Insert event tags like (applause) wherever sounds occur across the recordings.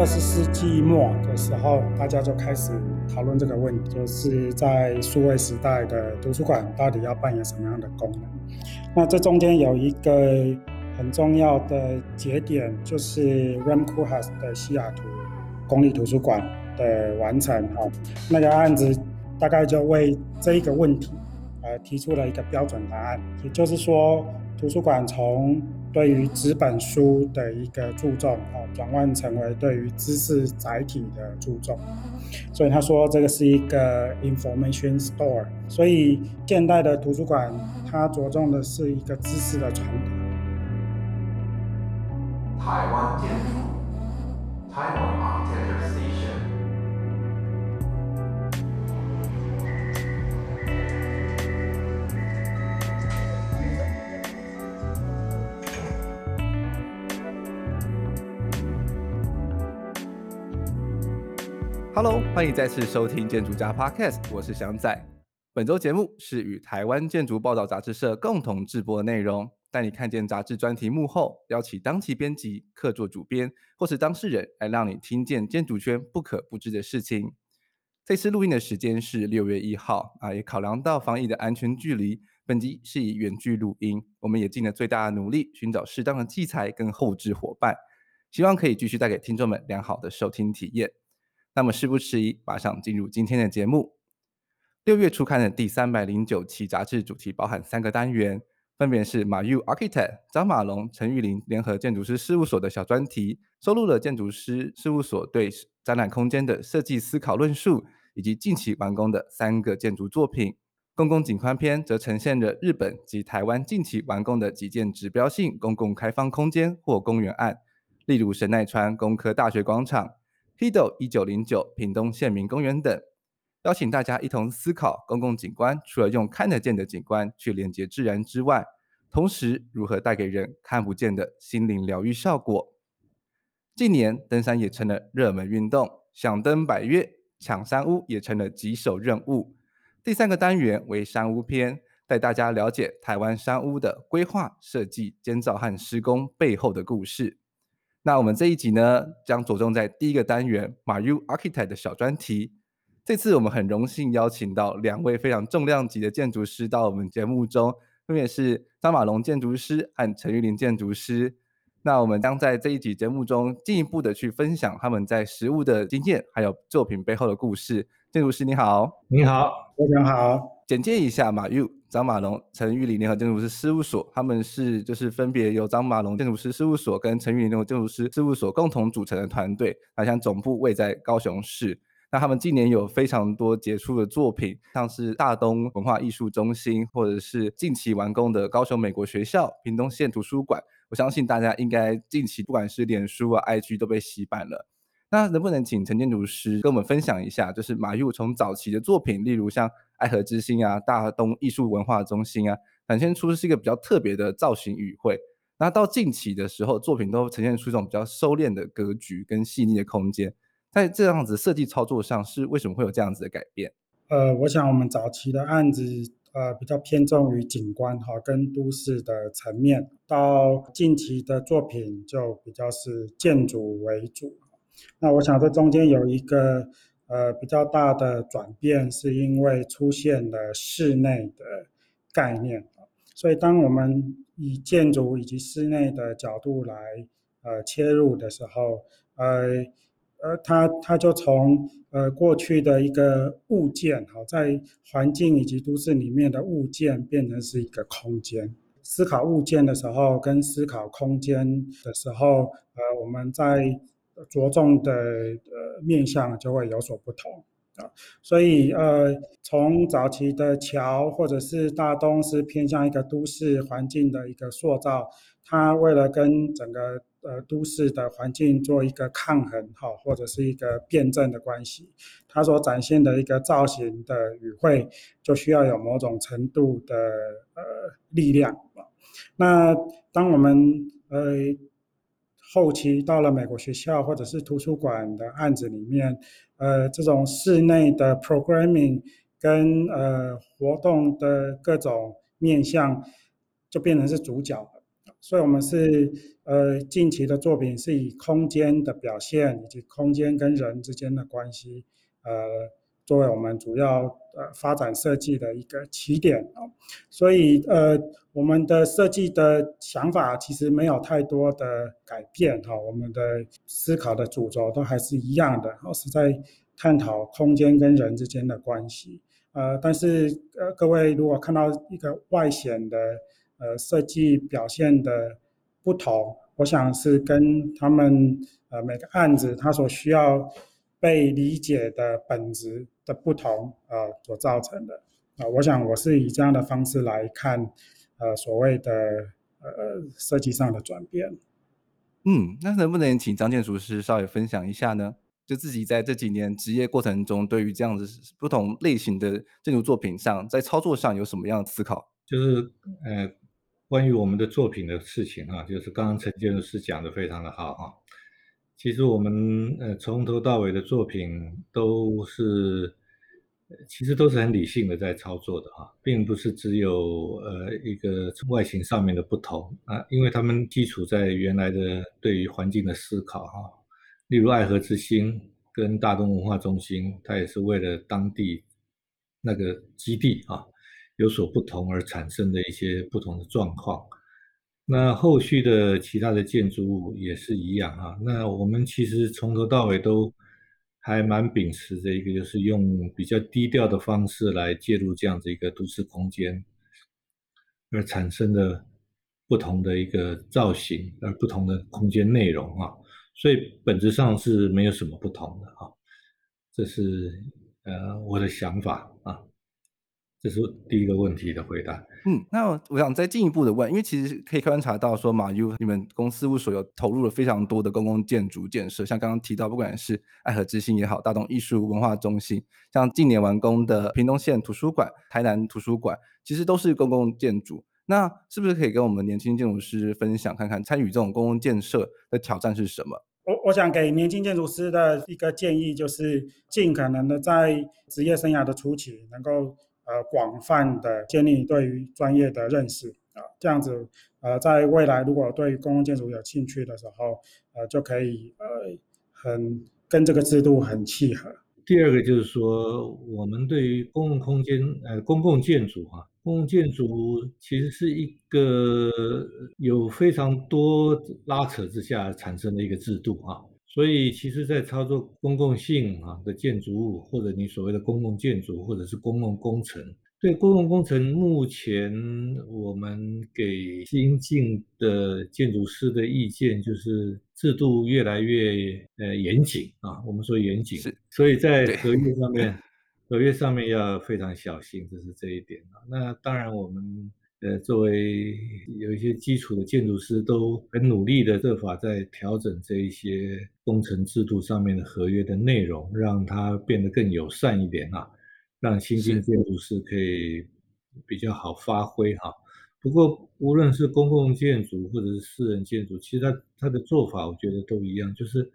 二十世紀末的時候，大家就開始討論這個問題，就是在數位時代的圖書館到底要扮演什麼樣的功能。那這中間有一個很重要的節點，就是 Rem Koolhaas 的西雅圖公立圖書館的完成。哈，那個案子大概就為這一個問題，呃，提出了一個標準答案，也就是說，圖書館從對於紙本書的一個注重，轉換成為對於知識載體的注重，所以他說這個是一個 information store，所以現代的圖書館，它着重的是一個知識的傳達。台灣建築，台灣 Architecture Station。哈囉，歡迎再次收聽《建築家 Podcast》，我是祥仔。本周節目是與台灣建築報道雜誌社共同制播的內容，帶你看見雜誌專題幕後，邀請當期編輯、客座主編或是當事人，來讓你聽見建築圈不可不知的事情。這次錄音的時間是六月一號啊，也考量到防疫的安全距離，本集是以遠距錄音，我們也盡了最大的努力尋找適當的器材跟後製伙伴，希望可以繼續帶給聽眾們良好的收聽體驗。那麼，事不宜遲，馬上進入今天的節目。六月初刊的第三百零九期雜誌主題包含三個單元，分別是 MAYU Architects 張馬龍、陳玉霖聯合建築師事務所的小專題，收錄了建築師事務所對展覽空間的設計思考論述，以及近期完工的三個建築作品。公共景觀篇則呈現了日本及台灣近期完工的幾件指標性公共開放空間或公園案，例如神奈川工科大學廣場。Hido 一九零九、09，屏東縣民公園等，邀請大家一同思考公共景觀除了用看得見的景觀去連接自然之外，同時如何帶給人看不見的心靈療癒效果。近年登山也成了熱門運動，想登百岳，搶山屋也成了棘手任務。第三個單元為山屋篇，帶大家了解台灣山屋的規劃、設計、建造和施工背後的故事。那我們這一集呢，將着重在第一個單元 MAYU Architect 的小專題。這次我們很榮幸邀請到兩位非常重量級的建築師到我們節目中，分別是張瑪龍建築師和陳玉霖建築師。那我們將在這一集節目中進一步的去分享他們在實務的經驗，還有作品背後的故事。建築師你好，你好，非常好。簡介一下 MAYU。張瑪龍、陳玉霖聯合建築師事務所，他們是就是分別由張瑪龍建築師事務所跟陳玉霖聯合建築師事務所共同組成的團隊。好像總部位在高雄市，那他們近年有非常多傑出的作品，像是大東文化藝術中心，或者是近期完工的高雄美國學校、屏東縣圖書館。我相信大家應該近期不管是臉書啊、IG 都被洗版了。那能不能請陳建築師跟我們分享一下，就是 MAYU 從早期的作品，例如像愛河之心啊、大東藝術文化中心啊，展現出是一個比較特別的造型語彙。那到近期的時候，作品都呈現出一種比較收斂的格局跟細膩的空間。在這樣子設計操作上，是為什麼會有這樣子的改變？呃，我想我們早期的案子，呃，比較偏重於景觀哈、哦、跟都市的層面，到近期的作品就比較是建築為主。那我想，這中間有一個呃比較大的轉變，是因為出現了室內的概念。所以，當我們以建築以及室內的角度來呃切入的時候，呃呃，它它就從呃過去的一個物件好在環境以及都市裡面的物件，變成是一個空間。思考物件的時候，跟思考空間的時候，呃，我們在着重的呃面向就會有所不同啊，所以呃，從早期的橋或者是大東是偏向一個都市環境的一個塑造，它為了跟整個呃都市的環境做一個抗衡哈，或者是一個辯證的關係，它所展現的一個造型的語彙就需要有某種程度的呃力量啊。那當我們呃。後期到了美國學校或者是圖書館的案子裡面，呃，這種室內的 programming 跟呃活動的各種面向，就變成是主角了。所以我們是呃近期的作品是以空間的表現以及空間跟人之間的關係，呃。作為我們主要呃發展設計的一個起點哦，所以呃我們的設計的想法其實沒有太多的改變哈，我們的思考的主軸都還是一樣的，都是在探討空間跟人之間的關係。呃，但是呃各位如果看到一個外顯的呃設計表現的不同，我想是跟他們呃每個案子他所需要被理解的本質的不同啊，所造成的啊，我想我是以這樣的方式來看，呃，所謂的呃設計上的轉變。嗯，那能不能請張建築師稍微分享一下呢？就自己在這幾年執業過程中，對於這樣子不同類型的建築作品上，在操作上有什麼樣的思考？就是呃，關於我們的作品的事情啊，就是剛剛陳建築師講的非常的好啊。其實我們呃從頭到尾的作品都是。其實都是很理性的在操作的哈、啊，並不是只有呃一個外形上面的不同啊，因為他們基礎在原來的對於環境的思考哈、啊，例如愛河之心跟大東文化中心，它也是為了當地那個基地啊有所不同而產生的一些不同的狀況。那後續的其他的建築物也是一樣哈、啊，那我們其實從頭到尾都還蠻秉持着一個，就是用比較低調的方式來介入這樣的一個都市空間，而產生的不同的一個造型，而不同的空間內容啊，所以本質上是沒有什麼不同的啊，這是呃我的想法啊。這是第一個問題的回答。嗯，那我想再進一步的問，因為其實可以觀察到說，MAYU 你們公司務所有投入了非常多的公共建築建設，像剛剛提到，不管是愛河之心也好，大東藝術文化中心，像近年完工的屏東縣圖書館、台南圖書館，其實都是公共建築。那是不是可以跟我們年輕建築師分享，看看參與這種公共建設的挑戰是什麼？我我想給年輕建築師的一個建議，就是盡可能的在職業生涯的初期能夠。呃，廣泛的建立對於專業的認識啊，這樣子，呃，在未來如果對公共建築有興趣的時候，呃，就可以呃，很跟這個制度很契合。第二個就是說，我們對於公共空間，呃，公共建築啊，公共建築其實是一個有非常多拉扯之下產生的一個制度啊。所以，其實，在操作公共性啊的建築物，或者你所謂的公共建築，或者是公共工程，對公共工程，目前我們給新進的建築師的意見就是制度越來越呃嚴謹啊，我們說嚴謹，所以在合約上面，合約上面要非常小心，這是這一點啊。那當然我們。呃，作為有一些基礎的建築師都很努力的設法，在調整這一些工程制度上面的合約的內容，讓它變得更友善一點啊，讓新進建築師可以比較好發揮哈、啊。不過，無論是公共建築或者是私人建築，其實他他的做法，我覺得都一樣，就是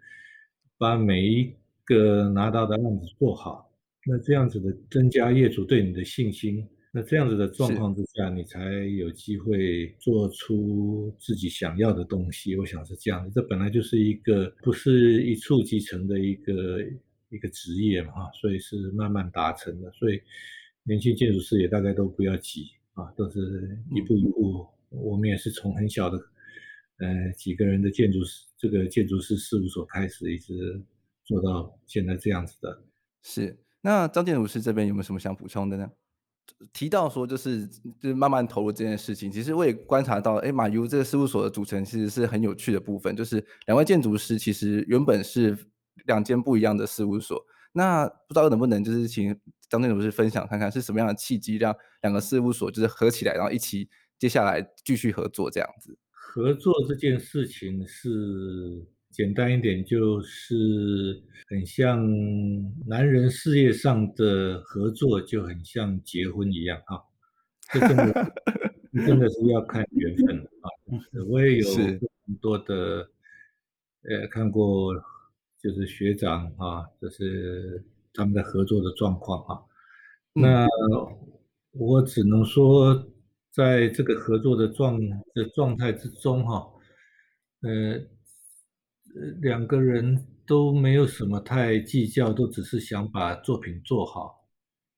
把每一個拿到的案子做好，那這樣子的增加業主對你的信心。那這樣子的狀況之下，你才有機會做出自己想要的東西。我想是這樣子，這本來就是一個不是一蹴即成的一個一個職業嘛，所以是慢慢達成的。所以年輕建築師也大概都不要急啊，都是一步一步。我們也是從很小的，呃，幾個人的建築師這個建築師事務所開始，一直做到現在這樣子的。是，那張建築師這邊有沒有什麼想補充的呢？提到說，就是就是慢慢投入這件事情，其實我也觀察到，哎，MAYU 這個事務所的組成其實是很有趣的部分，就是兩位建築師其實原本是兩間不一樣的事務所，那不知道能不能就是請張建築師分享看看是什麼樣的契機讓兩個事務所就是合起來，然後一起接下來繼續合作這樣子。合作這件事情是。簡單一點就是，很像男人事業上的合作就很像結婚一樣啊，這真的真的是要看緣分的啊。我也有很多的，呃，看過就是學長啊，就是他們的合作的狀況啊。那我只能說，在這個合作的狀的狀態之中哈、啊，呃。兩個人都沒有什麼太計較，都只是想把作品做好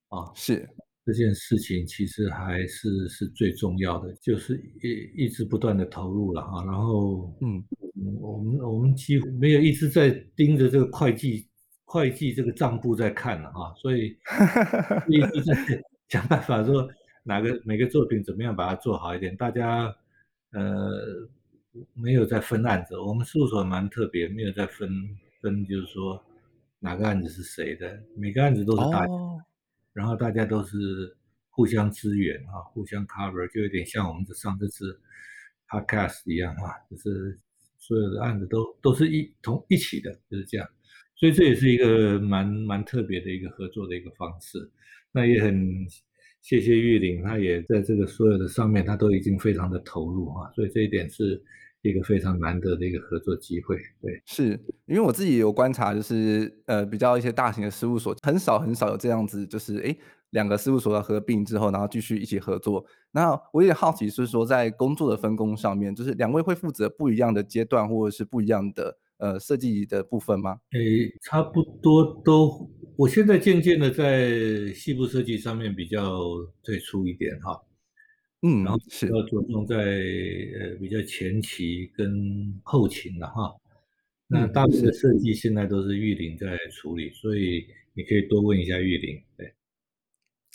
啊。是這件事情其實還是是最重要的，就是一一直不斷的投入了，啊，然後，嗯，嗯，我們我們幾乎沒有一直在盯着這個會計會計這個賬簿在看了啊，所以 (laughs) 一直在想辦法說哪個每個作品怎麼樣把它做好一點。大家，呃。沒有在分案子，我們事務所蠻特別，沒有在分分，就是說哪個案子是誰的，每個案子都是大家，哦、然後大家都是互相支援啊，互相 cover，就有點像我們這上這次 podcast 一樣啊，就是所有的案子都都是一同一起的，就是這樣，所以這也是一個蠻蠻特別的一個合作的一個方式，那也很謝謝玉霖，他也在這個所有的上面，他都已經非常的投入啊，所以這一點是。一個非常難得的一個合作機會，對，是因為我自己有觀察，就是呃，比較一些大型的事務所，很少很少有這樣子，就是哎，兩個事務所要合併之後，然後繼續一起合作。那我也好奇，是說在工作的分工上面，就是兩位會負責不一樣的階段，或者是不一樣的呃設計的部分嗎？誒，差不多都，我現在漸漸的在細部設計上面比較退出一點哈。嗯，然後是要着重在是呃比較前期跟後期的哈，那大部分的設計現在都是玉霖在處理，所以你可以多問一下玉霖。對，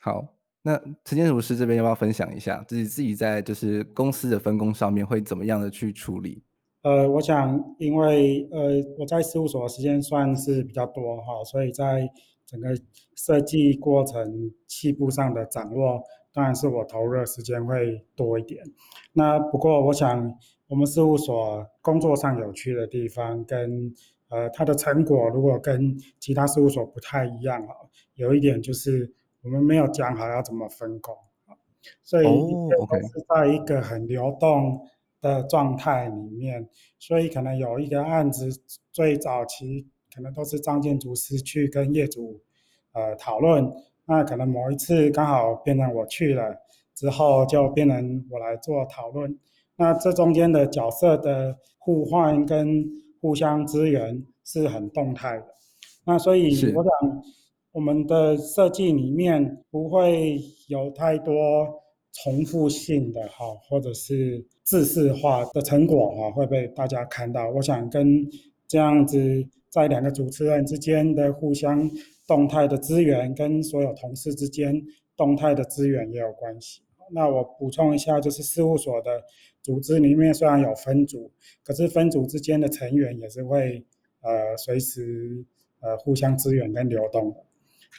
好，那陳建築師這邊要不要分享一下？自己自己在就是公司的分工上面會怎麼樣的去處理？呃，我想因為呃我在事務所的時間算是比較多哈，所以在整個設計過程起步上的掌握。當然是我投入的時間會多一點，那不過我想我們事務所工作上有趣的地方跟呃他的成果如果跟其他事務所不太一樣啊，有一點就是我們沒有講好要怎麼分工，所以是在一個很流動的狀態裡面，Oh, okay. 所以可能有一個案子最早期可能都是張建築師去跟業主呃討論。那可能某一次剛好變成我去了，之後就變成我來做討論。那這中間的角色的互換跟互相支援是很動態的。那所以我想，我們的設計裡面不會有太多重複性的哈，或者是自私化的成果哈，會被大家看到。我想跟這樣子在兩個主持人之間的互相，動態的資源跟所有同事之間動態的資源也有關係。那我補充一下，就是事務所的組織裡面雖然有分組，可是分組之間的成員也是會呃隨時呃互相支援跟流動的。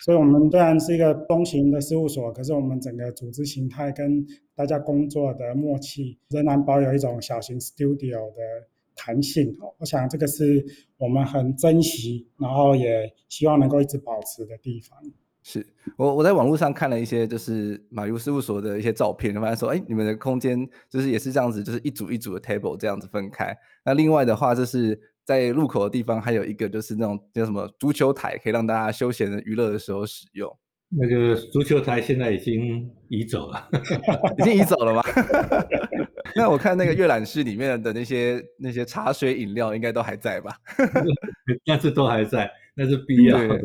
所以，我們雖然是一個中型的事務所，可是我們整個組織形態跟大家工作的默契，仍然保有一種小型 studio 的。彈性哦，我想這個是我們很珍惜，然後也希望能夠一直保持的地方。是我我在網絡上看了一些，就是 MAYU 事務所的一些照片，然後他說：“哎、欸，你們的空間就是也是這樣子，就是一組一組的 table 這樣子分開。那另外的話，就是在入口的地方還有一個，就是那種叫什麼足球台，可以讓大家休閒的娛樂的時候使用。那個足球台現在已經移走了， (laughs) 已經移走了嗎？ (laughs) 那 (laughs) 我看那個閱覽室裡面的那些那些茶水飲料應該都還在吧？ (laughs) (laughs) 那是都還在，那是必要的。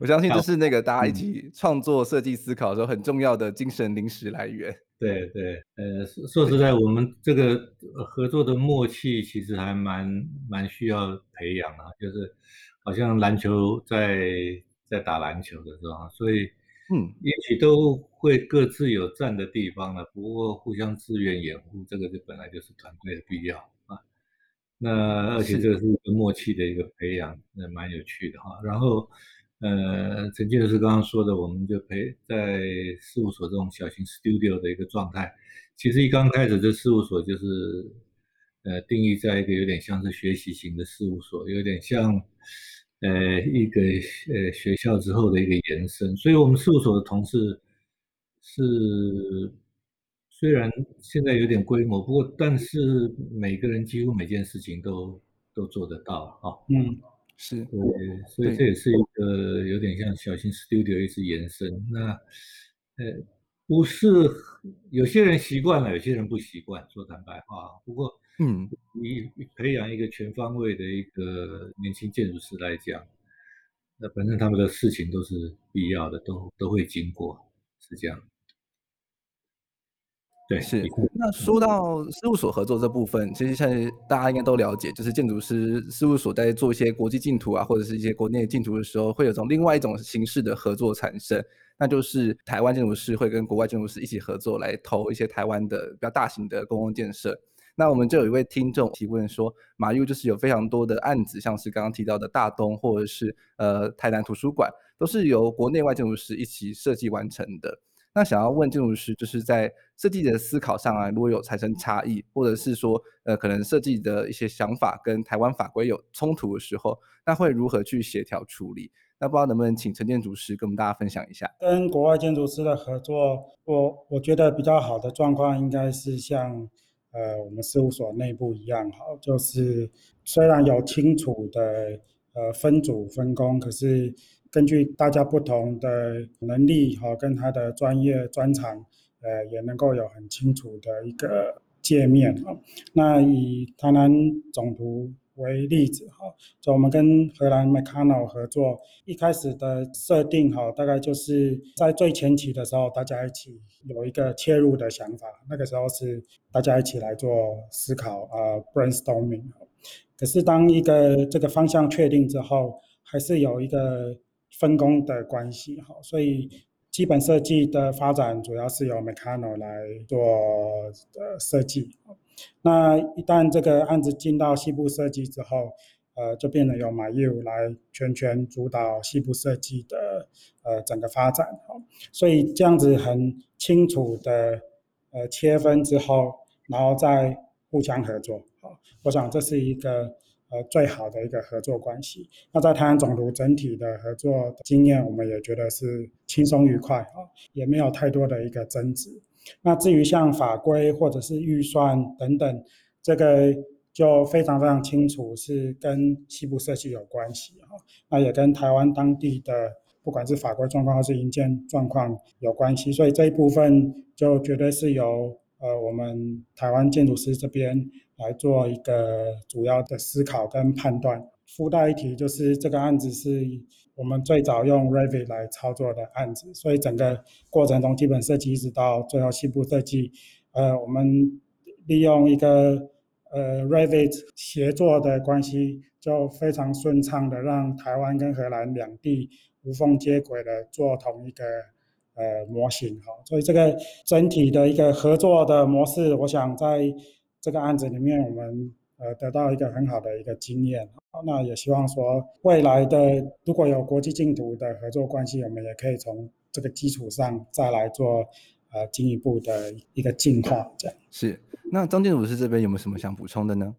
我相信這是那個大家一起創作、設計、思考的時候很重要的精神零食來源。對對，呃，說實在，我們這個合作的默契其實還蠻蠻需要培養啊，就是好像籃球在在打籃球的時候，所以。嗯，也許都會各自有站的地方了，不過互相支援掩護，這個就本來就是團隊的必要啊。那而且這個是一個默契的一個培養，那蠻是有趣的哈、啊。然後，呃，曾經是剛剛說的，我們就陪在事務所這種小型 studio 的一個狀態。其實一剛開始，這事務所就是，呃，定義在一個有點像是學習型的事務所，有點像。呃，一個呃學校之後的一個延伸，所以，我們事務所的同事是雖然現在有點規模，不過但是每個人幾乎每件事情都都做得到，啊，嗯，是，對，所以這也是一個對有點像小型 studio 一直延伸。那呃，不是有些人習慣了，有些人不習慣，說坦白話，不過嗯。以培養一個全方位的一個年輕建築師來講，那本身他們的事情都是必要的，都都會經過，是這樣。對，是。看那說到事務所合作這部分，其實現在大家應該都了解，就是建築師事務所在做一些國際競圖啊，或者是一些國內競圖的時候，會有種另外一種形式的合作產生，那就是台灣建築師會跟國外建築師一起合作，來投一些台灣的比較大型的公共建設。那我們就有一位聽眾提問說，MAYU 就是有非常多的案子，像是剛剛提到的大東或者是呃台南圖書館，都是由國內外建築師一起設計完成的。那想要問建築師，就是在設計的思考上啊，如果有產生差異，或者是說呃可能設計的一些想法跟台灣法規有衝突的時候，那會如何去協調處理？那不知道能不能請陳建築師跟我們大家分享一下？跟國外建築師的合作，我我覺得比較好的狀況應該是像。呃，我們事務所內部一樣哈，就是雖然有清楚的呃分組分工，可是根據大家不同的能力哈，跟他的專業專長，呃，也能夠有很清楚的一個界面啊。嗯、那以台南總圖。為例子哈，就我們跟荷蘭 Mecanoo 合作，一開始的設定大概就是在最前期的時候，大家一起有一個切入的想法。那個時候是大家一起來做思考啊，uh，brainstorming。可是當一個這個方向確定之後，還是有一個分工的關係哈。所以基本設計的發展主要是由 Mecanoo 來做呃設計。那一旦這個案子進到細部設計之後，呃，就變得由 MAYU 來全權主導細部設計的呃整個發展。哦，所以這樣子很清楚的呃切分之後，然後再互相合作，哦，我想這是一個呃最好的一個合作關係。那在台灣總圖整體的合作的經驗，我們也覺得是輕鬆愉快，啊、哦，也沒有太多的一個爭執。那至於像法規或者是預算等等，這個就非常非常清楚，是跟西部社區有關係啊。那也跟台灣當地的不管是法規狀況或是營建狀況有關係，所以這一部分就絕對是由呃我們台灣建築師這邊來做一個主要的思考跟判斷。附帶一提，就是這個案子是我們最早用 Revit 來操作的案子，所以整個過程中，基本設計一直到最後細部設計，呃，我們利用一個呃 Revit 協作的關係，就非常順暢的讓台灣跟荷蘭兩地無縫接軌的做同一個呃模型，好，所以這個整體的一個合作的模式，我想在這個案子裡面，我們呃得到一個很好的一個經驗。那也希望說，未來的如果有國際建築的合作關係，我們也可以從這個基礎上再來做，呃，進一步的一個進化。這樣是。那張建築師這邊有沒有什麼想補充的呢？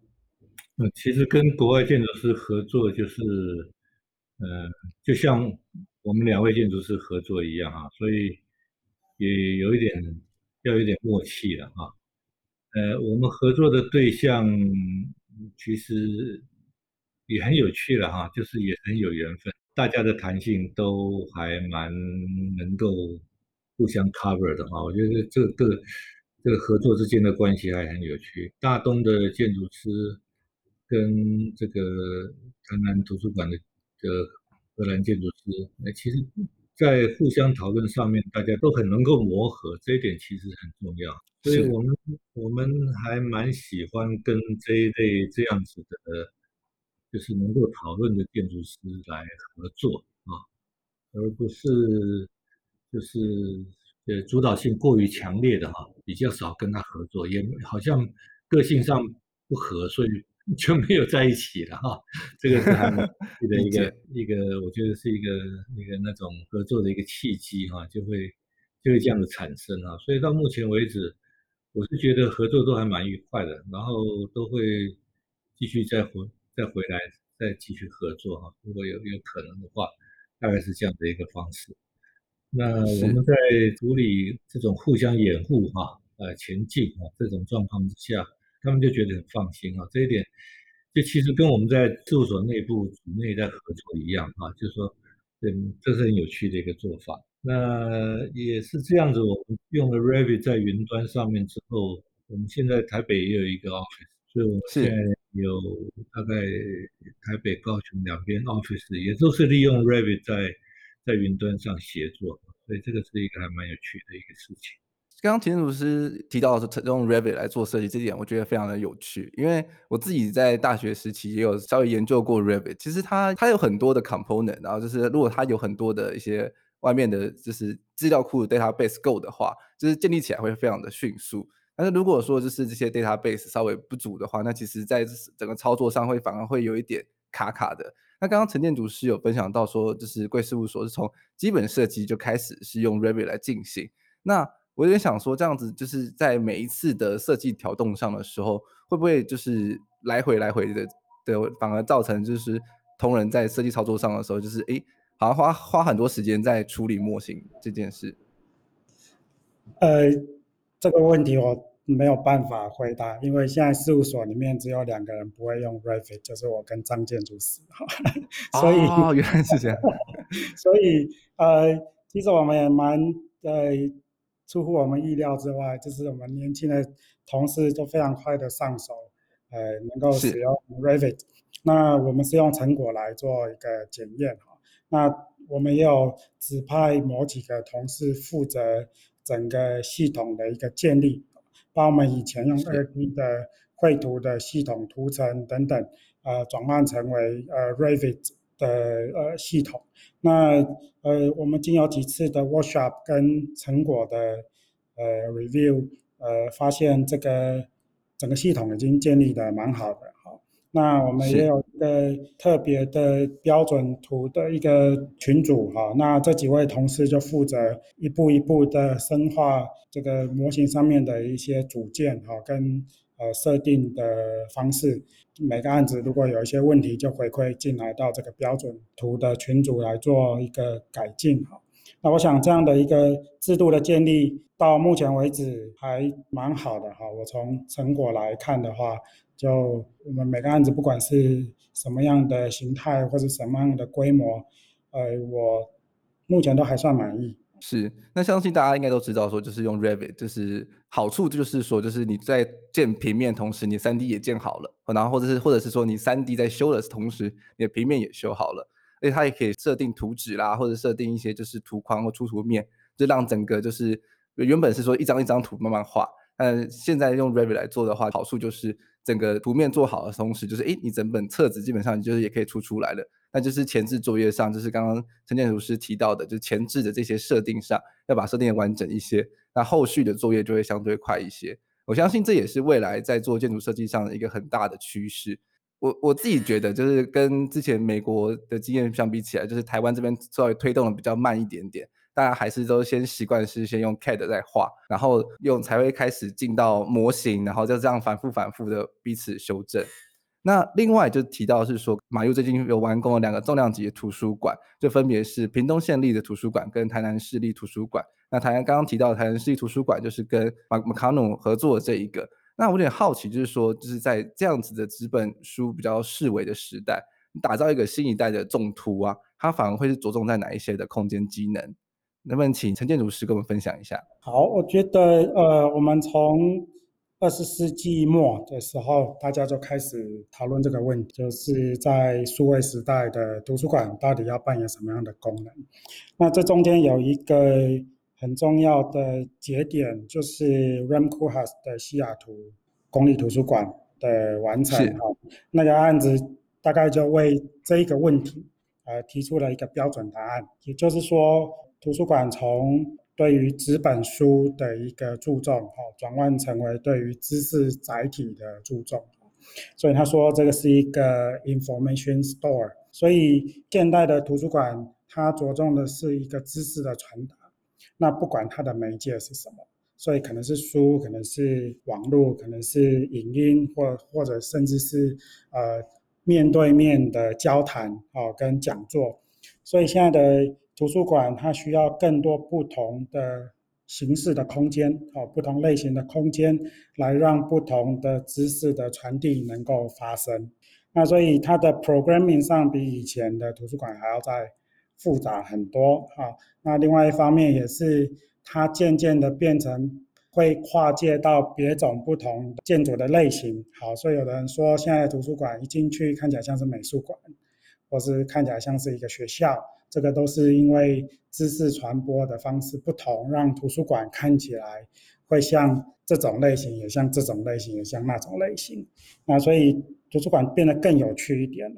呃、嗯，其實跟國外建築師合作，就是，呃，就像我們兩位建築師合作一樣啊，所以也有一點要有一點默契了啊。呃，我們合作的對象其實。也很有趣了哈、啊，就是也很有緣分，大家的彈性都還蠻能夠互相 cover 的哈、啊。我覺得這個這個合作之間的關係還很有趣。大東的建築師跟這個台南圖書館的這個荷蘭建築師，那其實在互相討論上面，大家都很能夠磨合，這一點其實很重要。所以我們的我們還蠻喜歡跟這一類這樣子的。就是能夠討論的建築師來合作啊，而不是就是呃主導性過於強烈的哈，比較少跟他合作，也好像個性上不合，所以就沒有在一起了哈。 (laughs) 這個是他一個一個， (laughs) 一個一個我覺得是一個一個那種合作的一個契機哈，就會就會這樣的產生啊、嗯、所以到目前為止，我是覺得合作都還蠻愉快的，然後都會繼續再合。再回來再繼續合作哈、啊，如果有有可能的話，大概是這樣的一個方式。那我們在處理這種互相掩護哈，呃，前進啊這種狀況之下，他們就覺得很放心啊。這一點，就其實跟我們在事務所內部組內在合作一樣哈、啊，就是說，對，這是很有趣的一個做法。那也是這樣子，我們用了 Revit 在雲端上面之後，我們現在台北也有一個 Office，所以我們現在。有大概台北、高雄兩邊 office 也都是利用 Revit 在在雲端上協作，所以這個是一個還蠻有趣的一個事情。剛剛田建築師提到是用 Revit 來做設計，這點我覺得非常的有趣，因為我自己在大學時期也有稍微研究過 Revit。其實它它有很多的 component，然後就是如果它有很多的一些外面的，就是資料庫 database 夠的話，就是建立起來會非常的迅速。那如果說就是這些 database 稍微不足的話，那其實在整個操作上會反而會有一點卡卡的。那剛剛陳建築師有分享到說，就是貴事務所是從基本設計就開始是用 Revit 來進行。那我有點想說，這樣子就是在每一次的設計調動上的時候，會不會就是來回來回的，對，反而造成就是同仁在設計操作上的時候，就是誒，好像花花很多時間在處理模型這件事。呃，這個問題我。沒有辦法回答，因為現在事務所裡面只有兩個人不會用 Revit，就是我跟張建築師哈。 (laughs) 所以哦，原來是這樣。 (laughs) 所以呃，其實我們也蠻在、呃、出乎我們意料之外，就是我們年輕的同事都非常快的上手，呃，能夠使用 Revit。是那我們是用成果來做一個檢驗哈、哦。那我們也有指派某幾個同事負責整個系統的一個建立。把我們以前用 a b 的繪圖的系統、圖層等等，是呃，轉換成為呃 Revit 的呃系統。那呃，我們經有幾次的 Workshop 跟成果的呃 Review，呃，發現這個整個系統已經建立得蠻好的，好。那我們也有一個特別的標準圖的一個群組哈，那這幾位同事就負責一步一步的深化這個模型上面的一些組件哈，跟呃設定的方式。每個案子如果有一些問題，就回饋進來到這個標準圖的群組來做一個改進哈。那我想這樣的一個制度的建立，到目前為止還蠻好的哈。我從成果來看的話，就我們每個案子，不管是什麼樣的形態或者什麼樣的規模，呃，我目前都還算滿意。是，那相信大家應該都知道說，就是用 Revit，就是好處就是說，就是你在建平面同時，你三 D 也建好了，然後或者是或者是說你三 D 在修的同時，你的平面也修好了，而且它也可以設定圖紙啦，或者設定一些就是圖框或出圖面，就讓整個就是原本是說一張一張圖慢慢畫，但現在用 Revit 來做的話，好處就是。整個圖面做好的同時，就是哎，你整本冊子基本上就是也可以出出來了。那就是前置作業上，就是剛剛陳建築師提到的，就是、前置的這些設定上，要把設定完整一些，那後續的作業就會相對快一些。我相信這也是未來在做建築設計上的一個很大的趨勢。我我自己覺得，就是跟之前美國的經驗相比起來，就是台灣這邊稍微推動的比較慢一點點。大家還是都先習慣是先用 CAD 再畫，然後用才會開始進到模型，然後就這樣反覆反覆的彼此修正。那另外就提到是說，MAYU 最近有完工了兩個重量級的圖書館，就分別是屏東縣立的圖書館跟台南市立圖書館。那台南剛剛提到的台南市立圖書館就是跟 Mecanoo 合作的這一個。那我有點好奇，就是說就是在這樣子的紙本書比較式微的時代，打造一個新一代的總圖啊，它反而會是着重在哪一些的空間機能？能不能請陳建築師跟我們分享一下？好，我覺得呃，我們從二十世紀末的時候，大家就開始討論這個問題，就是在數位時代的圖書館到底要扮演什麼樣的功能？那這中間有一個很重要的節點，就是 Rem Koolhaas 的西雅圖公立圖書館的完成，是那個案子大概就為這一個問題呃提出了一個標準答案，也就是說。圖書館從對於紙本書的一個注重，轉換成為對於知識載體的注重，所以他說這個是一個 information store。所以現代的圖書館，它着重的是一個知識的傳達。那不管它的媒介是什麼，所以可能是書，可能是網絡，可能是影音，或者或者甚至是呃面對面的交談啊、呃，跟講座。所以現在的。圖書館它需要更多不同的形式的空間，哦，不同類型的空間，來讓不同的知識的傳遞能夠發生。那所以它的 programming 上比以前的圖書館還要再複雜很多，啊，那另外一方面也是，它漸漸的變成會跨界到別種不同建築的類型，好。所以有人說，現在圖書館一進去看起來像是美術館，或是看起來像是一個學校。這個都是因為知識傳播的方式不同，讓圖書館看起來會像這種類型，也像這種類型，也像那種類型。那所以圖書館變得更有趣一點了。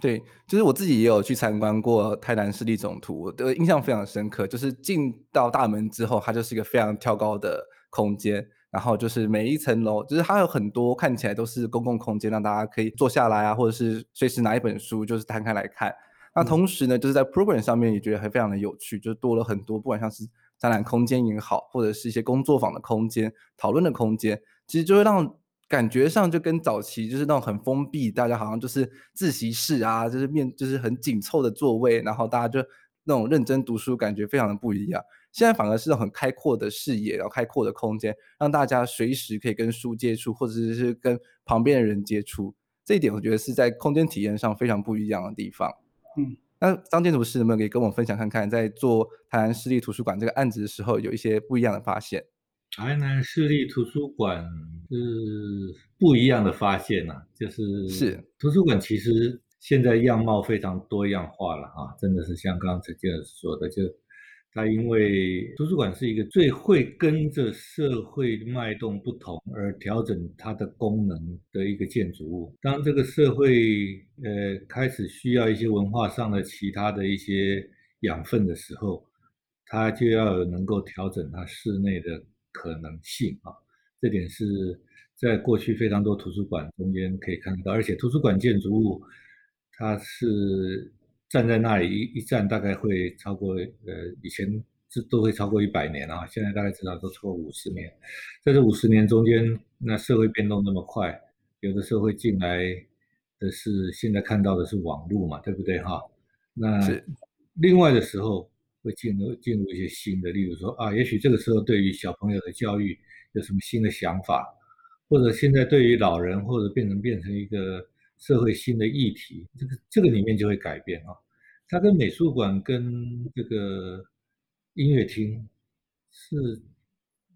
對，就是我自己也有去參觀過台南市立總圖，我的印象非常深刻。就是進到大門之後，它就是一個非常挑高的空間，然後就是每一層樓，就是它有很多看起來都是公共空間，讓大家可以坐下來啊，或者是隨時拿一本書，就是攤開來看。那同時呢，就是在 program 上面也覺得還非常的有趣，嗯、就多了很多，不管像是展覽空間也好，或者是一些工作坊的空間、討論的空間，其實就會讓感覺上就跟早期就是那種很封閉，大家好像就是自習室啊，就是面就是很緊湊的座位，然後大家就那種認真讀書，感覺非常的不一樣。現在反而是那種很開闊的視野，然後開闊的空間，讓大家隨時可以跟書接觸，或者就是跟旁邊的人接觸，這一點我覺得是在空間體驗上非常不一樣的地方。嗯，那張建築師有沒有可以跟我們分享看看，在做台南市立圖書館這個案子的時候，有一些不一樣的發現？台南市立圖書館是不一樣的發現吶、啊，就是是圖書館其實現在樣貌非常多樣化了啊，真的是像剛才就說的就。它因為圖書館是一個最會跟着社會脈動不同而調整它的功能的一個建築物。當這個社會呃開始需要一些文化上的其他的一些養分的時候，它就要有能夠調整它室內的可能性啊。這點是在過去非常多圖書館中間可以看得到，而且圖書館建築物它是。站在那裡一一站，大概會超過呃，以前這都會超過一百年啊，現在大概至少都超過五十年。在這五十年中間，那社會變動那麼快，有的時候會進來的是現在看到的是網絡嘛，對不對哈、啊？那另外的時候會進入進入一些新的，例如說啊，也許這個時候對於小朋友的教育有什麼新的想法，或者現在對於老人或者變成變成一個。社會新的議題，這個這個裡面就會改變啊。它跟美術館、跟這個音樂廳是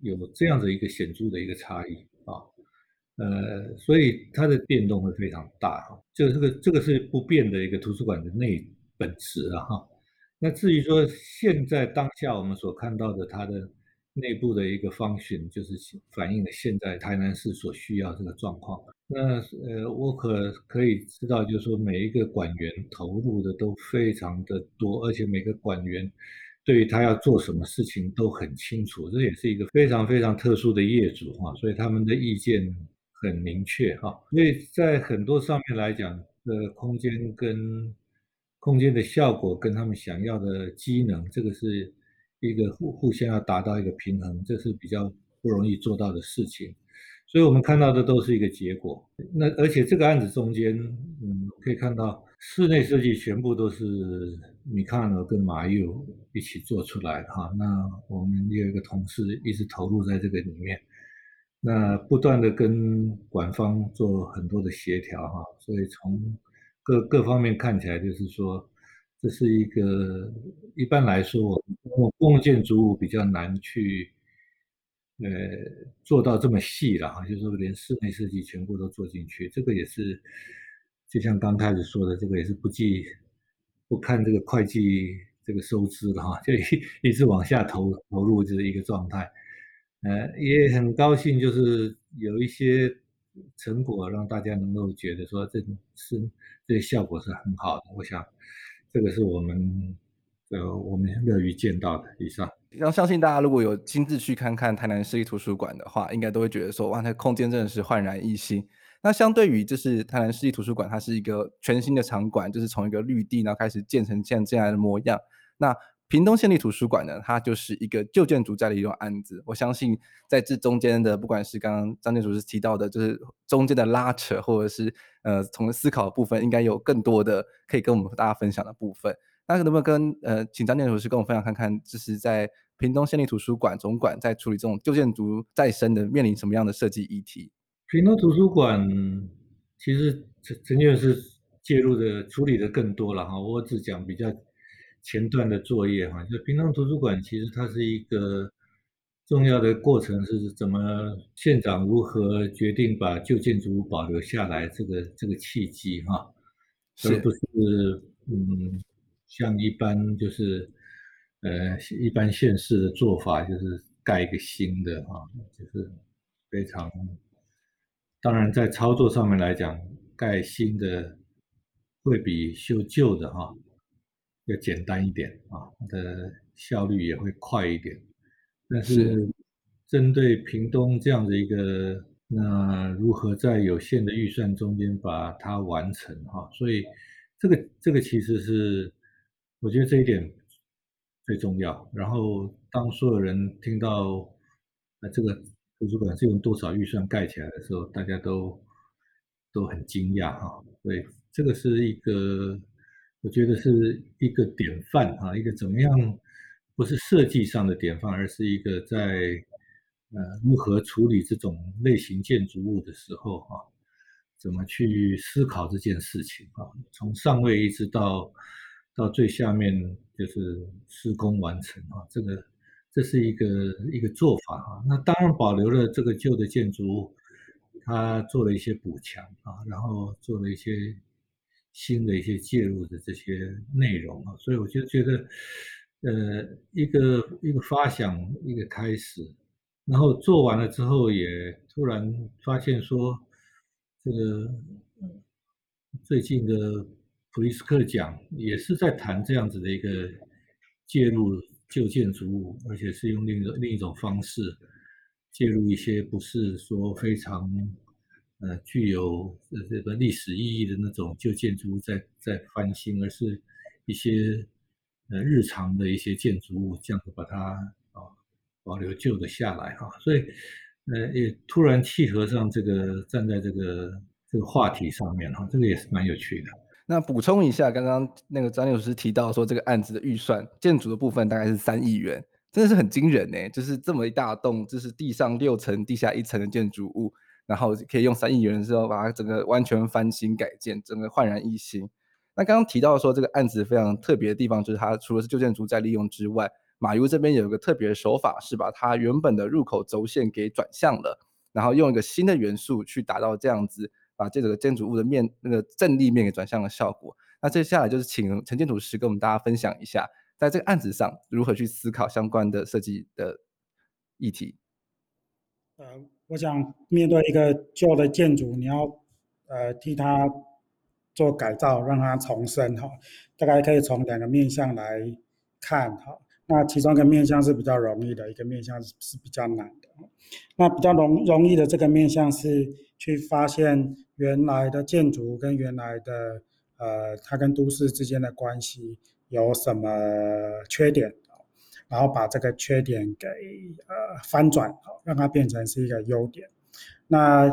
有這樣的一個顯著的一個差異啊。呃，所以它的變動會非常大哦。這個這個這個是不變的一個圖書館的內本質啊哈。那至於說現在當下我們所看到的它的。內部的一個 function，就是反映了現在台南市所需要這個狀況。那呃，我可可以知道，就是說每一個館員投入的都非常的多，而且每個館員對於他要做什麼事情都很清楚。這也是一個非常非常特殊的業主哈，所以他們的意見很明確哈。所以在很多上面來講，的空間跟空間的效果跟他們想要的機能，這個是。一個互互相要達到一個平衡，這是比較不容易做到的事情，所以我們看到的都是一個結果。那而且這個案子中間，嗯，可以看到室內設計全部都是 Mecanoo 跟 MAYU 一起做出來的哈。那我們有一個同事一直投入在這個裡面，那不斷的跟館方做很多的協調哈。所以從各各方面看起來，就是說這是一個一般來說我們。公共建築物比較難去，呃，做到這麼細了哈，就是說連室內設計全部都做進去，這個也是，就像剛開始說的，這個也是不計，不看這個會計這個收支的哈，就一一直往下投投入，這是一個狀態，呃，也很高興，就是有一些成果讓大家能夠覺得說，這是這效果是很好的，我想這個是我們。呃、嗯，我們樂於見到的以上，那相信大家如果有親自去看看台南市立圖書館的話，應該都會覺得說，哇，那空間真的是煥然一新。那相對於就是台南市立圖書館，它是一個全新的場館，就是從一個綠地然後開始建成現在這樣的模樣。那屏東縣立圖書館呢，它就是一個舊建築在的一種案子。我相信在這中間的，不管是剛剛張建築師提到的，就是中間的拉扯，或者是呃，從思考的部分，應該有更多的可以跟我們大家分享的部分。那能不能跟呃，請張念如老師跟我分享看看，就是在屏東縣立圖書館總館在處理這種舊建築再生的面臨什麼樣的設計議題？屏東圖書館其實陳陳女士介入的處理的更多了哈，我只講比較前段的作業哈。就屏東圖書館其實它是一個重要的過程，是怎麼縣長如何決定把舊建築物保留下來這個這個契機哈，是不是，是嗯。像一般就是，呃，一般縣市的做法就是蓋一個新的啊，就是非常，當然在操作上面來講，蓋新的會比修舊的哈、啊、要簡單一點啊，它的效率也會快一點。但是針對屏東這樣的一個，那如何在有限的預算中間把它完成哈、啊，所以這個這個其實是。我覺得這一點最重要。然後，當所有人聽到啊這個圖書館是用多少預算蓋起來的時候，大家都都很驚訝哈。對，這個是一個，我覺得是一個典範哈，一個怎麼樣？不是設計上的典範，而是一個在呃如何處理這種類型建築物的時候哈，怎麼去思考這件事情啊？從上位一直到。到最下面就是施工完成啊，這個這是一個一個做法啊。那當然保留了這個舊的建築物，它做了一些補強啊，然後做了一些新的一些介入的這些內容啊。所以我就覺得，呃，一個一個發想一個開始，然後做完了之後也突然發現說，這個最近的。普利斯克獎也是在談這樣子的一個介入舊建築物，而且是用另一種、另一種方式介入一些不是說非常呃具有這個歷史意義的那種舊建築物在在翻新，而是一些呃日常的一些建築物，這樣子把它啊、哦、保留舊的下來啊、哦，所以呃也突然契合上這個站在這個這個話題上面哈、哦，這個也是蠻有趣的。那補充一下，剛剛那個張建築師提到說，這個案子的預算建築的部分大概是三億元，真的是很驚人呢、欸。就是這麼一大棟，就是地上六層、地下一層的建築物，然後可以用三億元之後把它整個完全翻新改建，整個煥然一新。那剛剛提到說，這個案子非常特別的地方就是它除了是舊建築在利用之外，MAYU 這邊有一個特別的手法，是把它原本的入口軸線給轉向了，然後用一個新的元素去達到這樣子。把這個建築物的面，那個正立面給轉向了效果。那接下來就是請陳建築師跟我們大家分享一下，在這個案子上如何去思考相關的設計的議題。呃，我想面對一個舊的建築，你要呃替它做改造，讓它重生哈、哦。大概可以從兩個面向來看哈、哦。那其中一個面向是比較容易的，一個面向是比較難的。那比較容容易的這個面向是去發現。原來的建築跟原來的呃，它跟都市之間的關係有什麼缺點？然後把這個缺點給呃翻轉，讓它變成是一個優點。那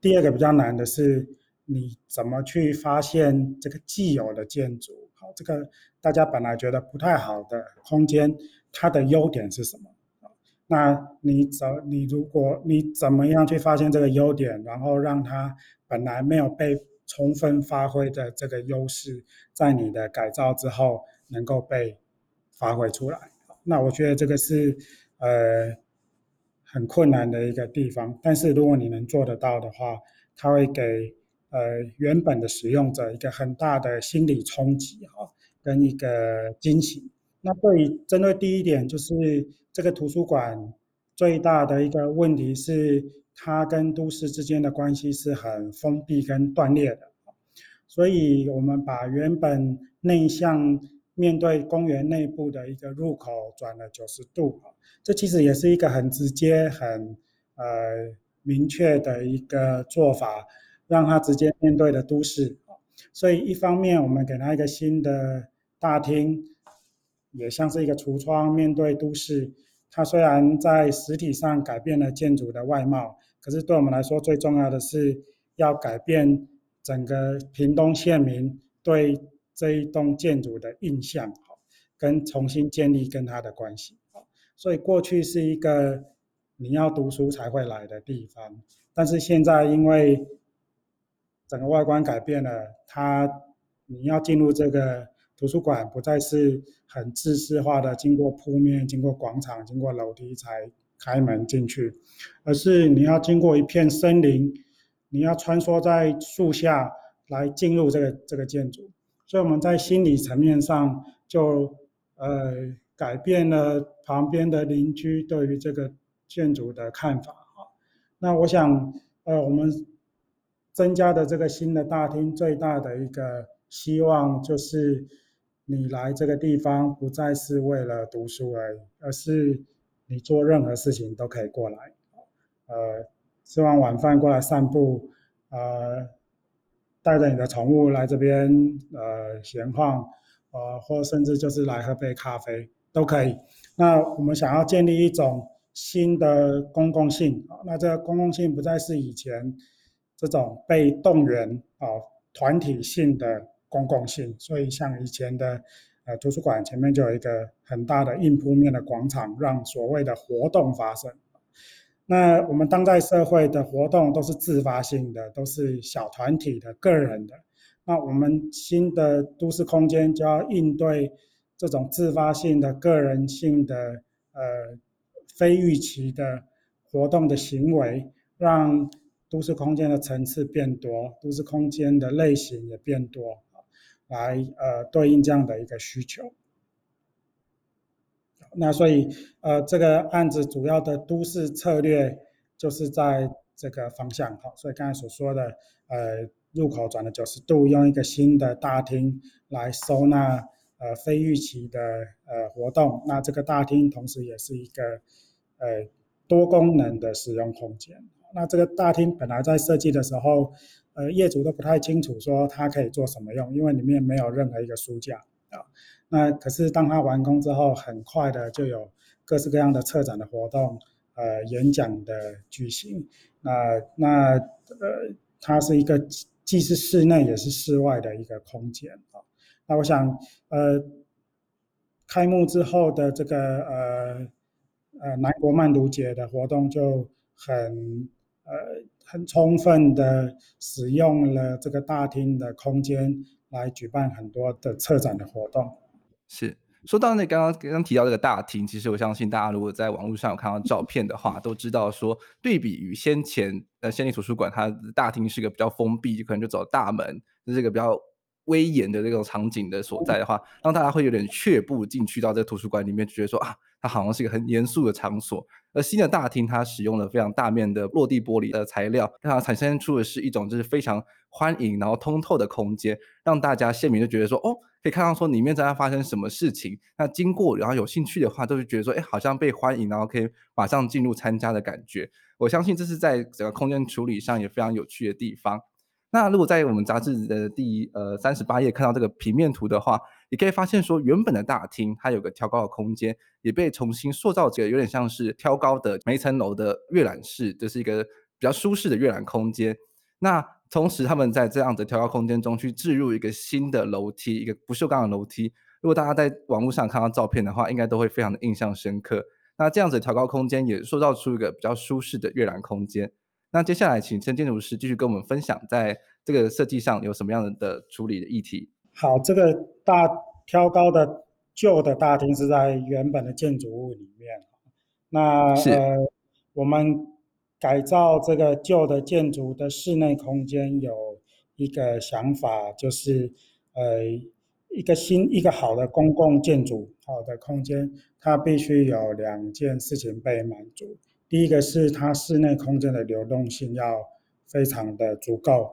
第二個比較難的是，你怎麼去發現這個既有的建築？好，這個大家本來覺得不太好的空間，它的優點是什麼？那你怎，你如果你怎麼樣去發現這個優點，然後讓它本來沒有被充分發揮的這個優勢，在你的改造之後能夠被發揮出來？那我覺得這個是呃很困難的一個地方。但是如果你能做得到的話，它會給呃原本的使用者一個很大的心理衝擊哈、哦，跟一個驚喜。那對於針對第一點就是。這個圖書館最大的一個問題是，它跟都市之間的關係是很封閉跟斷裂的，所以我們把原本內向面對公園內部的一個入口轉了九十度，這其實也是一個很直接、很呃明確的一個做法，讓它直接面對的都市。所以一方面我們給它一個新的大廳，也像是一個櫥窗面對都市。它雖然在實體上改變了建築的外貌，可是對我們來說最重要的是要改變整個屏東縣民對這一棟建築的印象，跟重新建立跟它的關係，所以過去是一個你要讀書才會來的地方，但是現在因為整個外觀改變了，它你要進入這個。圖書館不再是很自私化的，經過鋪面、經過廣場、經過樓梯才開門進去，而是你要經過一片森林，你要穿梭在樹下來進入這個這個建築。所以我們在心理層面上就呃改變了旁邊的鄰居對於這個建築的看法。那我想呃我們增加的這個新的大廳最大的一個希望就是。你來這個地方不再是為了讀書而已，而是你做任何事情都可以過來。呃，吃完晚飯過來散步，呃，帶着你的寵物來這邊，呃，閒晃，呃，或甚至就是來喝杯咖啡都可以。那我們想要建立一種新的公共性啊，那這個公共性不再是以前這種被動員啊、哦、團體性的。公共性，所以像以前的，呃，圖書館前面就有一個很大的硬鋪面的廣場，讓所謂的活動發生。那我們當代社會的活動都是自發性的，都是小團體的、個人的。那我們新的都市空間就要應對這種自發性的、個人性的、呃，非預期的活動的行為，讓都市空間的層次變多，都市空間的類型也變多。來呃對應這樣的一個需求，那所以呃這個案子主要的都市策略就是在這個方向哈，所以剛才所說的呃入口轉了九十度，用一個新的大廳來收納呃非預期的呃活動，那這個大廳同時也是一個呃多功能的使用空間，那這個大廳本來在設計的時候。呃，業主都不太清楚說它可以做什麼用，因為裡面沒有任何一個書架啊。那可是當它完工之後，很快的就有各式各樣的策展的活動，呃，演講的舉行。呃、那那呃，它是一個既是室內也是室外的一個空間啊。那我想，呃，開幕之後的這個呃呃南國漫讀節的活動就很呃。很充分的使用了這個大廳的空間，來舉辦很多的策展的活動。是說到那剛剛剛剛提到這個大廳，其實我相信大家如果在網絡上有看到照片的話， (laughs) 都知道說，對比於先前呃縣立圖書館，它的大廳是一個比較封閉，就可能就走大門，是一個比較威嚴的這種場景的所在的話，讓大家會有點卻步進去到這圖書館裡面，覺得說啊，它好像是一個很嚴肅的場所。而新的大廳，它使用了非常大面的落地玻璃的材料，讓它產生出的是一種就是非常歡迎，然後通透的空間，讓大家鮮明就覺得說，哦，可以看到說裡面正在發生什麼事情，那經過然後有興趣的話，就會覺得說，哎，好像被歡迎，然後可以馬上進入參加的感覺。我相信這是在整個空間處理上也非常有趣的地方。那如果在我們雜誌的第呃三十八頁看到這個平面圖的話。你可以發現說，原本的大廳它有個挑高的空間，也被重新塑造一個有點像是挑高的每一層樓的閱覽室，這，就是一個比較舒適的閱覽空間。那同時他們在這樣的挑高空間中去置入一個新的樓梯，一個不鏽鋼的樓梯。如果大家在網絡上看到照片的話，應該都會非常的印象深刻。那這樣子的挑高空間也塑造出一個比較舒適的閱覽空間。那接下來，請陳建築師繼續跟我們分享，在這個設計上有什麼樣的處理的議題。好，這個大挑高的舊的大廳是在原本的建築物裡面。那是呃，我們改造這個舊的建築的室內空間有一個想法，就是呃，一個新，一個好的公共建築，好的空間，它必須有兩件事情被滿足。第一個是它室內空間的流動性要非常的足夠。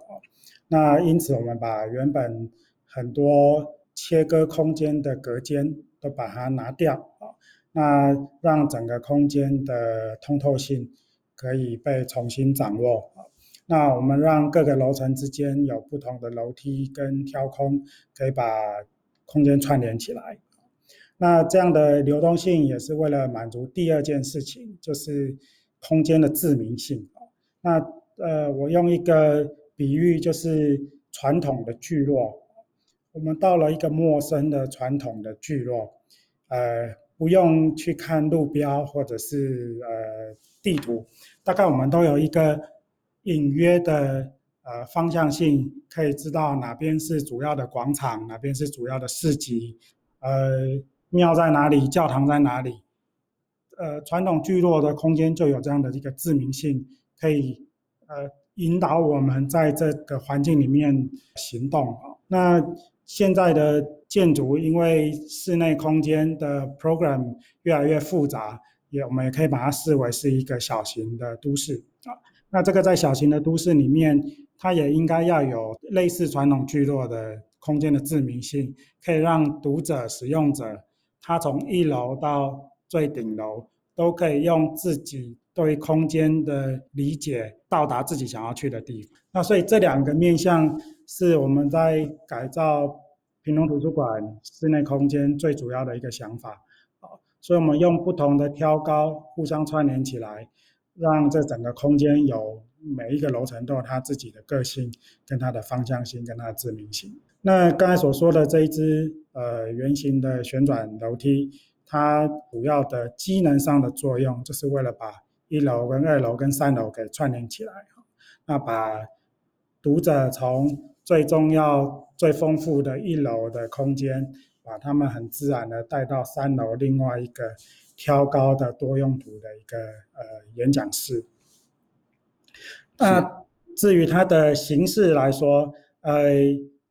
那因此我們把原本很多切割空間的隔間都把它拿掉啊，那讓整個空間的通透性可以被重新掌握啊。那我們讓各個樓層之間有不同的樓梯跟挑空，可以把空間串聯起來。那這樣的流動性也是為了滿足第二件事情，就是空間的自明性啊。那呃，我用一個比喻，就是傳統的聚落。我們到了一個陌生的傳統的聚落，呃，不用去看路標或者是呃地圖，大概我們都有一個隱約的呃方向性，可以知道哪邊是主要的廣場，哪邊是主要的市集，呃，廟在哪裡，教堂在哪裡，呃，傳統聚落的空間就有這樣的一個自明性，可以呃引導我們在這個環境裡面行動。那現在的建築，因為室內空間的 program 越來越複雜，也我們也可以把它視為是一個小型的都市啊。那這個在小型的都市裡面，它也應該要有類似傳統聚落的空間的自明性，可以讓讀者、使用者，他從一樓到最頂樓，都可以用自己對空間的理解到達自己想要去的地方。那所以這兩個面向。是我們在改造屏東圖書館室內空間最主要的一個想法，所以我們用不同的挑高互相串聯起來，讓這整個空間有每一個樓層都有它自己的個性，跟它的方向性，跟它的致命性。那剛才所說的這一支呃圓形的旋轉樓梯，它主要的機能上的作用，就是為了把一樓跟二樓跟三樓給串聯起來，那把讀者從最重要、最豐富的一樓的空間，把他們很自然的帶到三樓另外一個挑高的多用途的一個呃演講室啊。那至於它的形式來說，呃，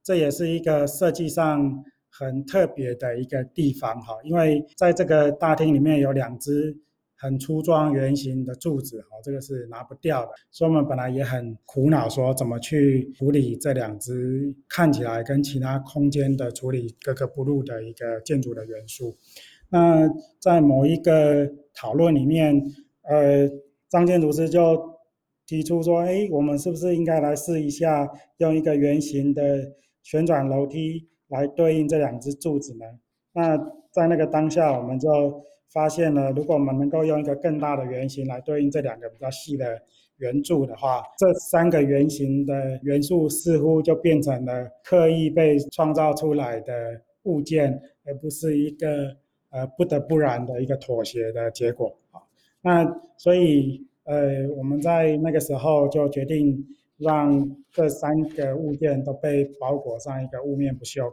這也是一個設計上很特別的一個地方哈，因為在這個大廳裡面有兩隻。很粗壯圓形的柱子，哦，這個是拿不掉的，所以我們本來也很苦惱，說怎麼去處理這兩隻看起來跟其他空間的處理格格不入的一個建築的元素。那在某一個討論裡面，呃，張建築師就提出說，哎，我們是不是應該來試一下用一個圓形的旋轉樓梯來對應這兩隻柱子呢？那在那個當下，我們就。發現了，如果我們能夠用一個更大的圓形來對應這兩個比較細的圓柱的話，這三個圓形的元素似乎就變成了刻意被創造出來的物件，而不是一個呃不得不然的一個妥協的結果啊。那所以呃，我們在那個時候就決定讓這三個物件都被包裹上一個霧面不鏽鋼。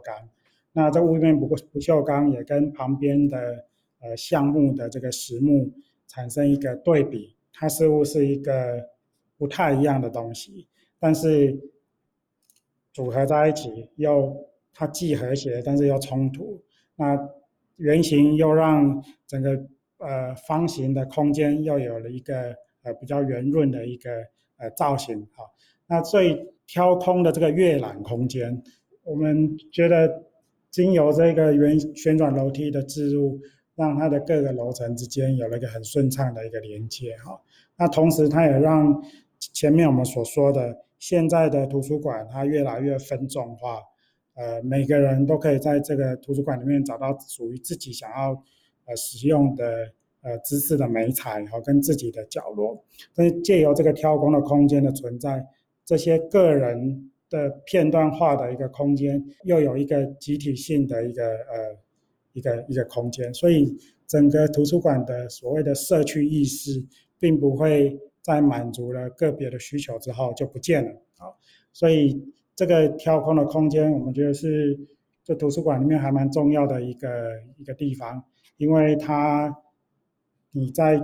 那這個霧面不不鏽鋼也跟旁邊的。呃，項目的這個實木產生一個對比，它似乎是一個不太一樣的東西，但是組合在一起又它既和諧，但是又衝突。那圓形又讓整個呃方形的空間又有了一個呃比較圓潤的一個呃造型好。那最挑空的這個閱覽空間，我們覺得經由這個圓旋轉樓梯的置入。讓它的各個樓層之間有了一個很順暢的一個連接哈，那同時它也讓前面我們所說的現在的圖書館它越來越分眾化，呃，每個人都可以在這個圖書館裡面找到屬於自己想要呃使用的呃知識的媒材，然後跟自己的角落，但是借由這個挑空的空間的存在，這些個人的片段化的一個空間又有一個集體性的一個呃，一個一個空間，所以整個圖書館的所謂的社區意識，並不會在滿足了個別的需求之後就不見了啊。所以這個挑空的空間，我們覺得是這圖書館裡面還蠻重要的一個一個地方，因為它你在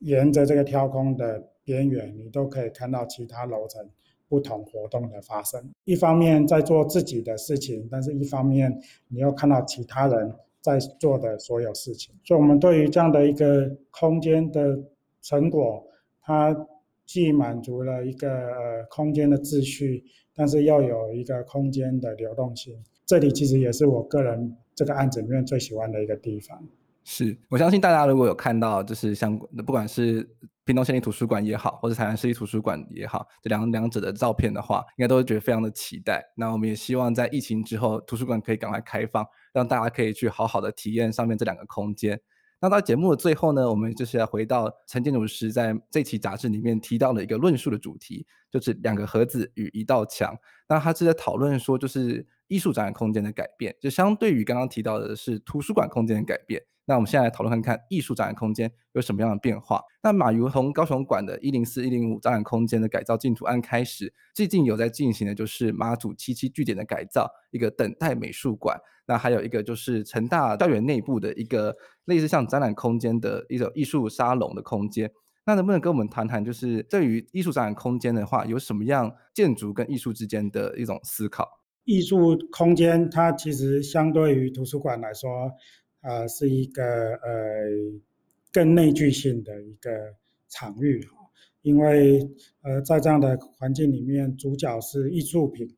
沿着這個挑空的邊緣，你都可以看到其他樓層。不同活動的發生，一方面在做自己的事情，但是一方面你又看到其他人在做的所有事情。所以，我們對於這樣的一個空間的成果，它既滿足了一個呃空間的秩序，但是要有一個空間的流動性。這裡其實也是我個人這個案子裡面最喜歡的一個地方。是我相信大家如果有看到，就是像不管是屏東縣立圖書館也好，或者台南市立圖書館也好，這兩兩者的照片的話，應該都會覺得非常的期待。那我們也希望在疫情之後，圖書館可以趕快開放，讓大家可以去好好的體驗上面這兩個空間。那到節目的最後呢，我們就是要回到陳建築師在這期雜誌裡面提到的一個論述的主題，就是兩個盒子與一道牆。那他是在討論說，就是藝術展覽空間的改變，就相對於剛剛提到的是圖書館空間的改變。那我們現在來討論看看藝術展覽空間有什麼樣的變化。那 MAYU 從高雄館的一零四一零五展覽空間的改造進度案開始，最近有在進行的就是馬祖七七據點的改造，一個等待美術館。那還有一個就是成大校園內部的一個類似像展覽空間的一種藝術沙龍的空間。那能不能跟我們談談，就是對於藝術展覽空間的話，有什麼樣建築跟藝術之間的一種思考？藝術空間它其實相對於圖書館來說。啊、呃，是一個呃更內聚性的一個場域，因為呃在這樣的環境裡面，主角是藝術品，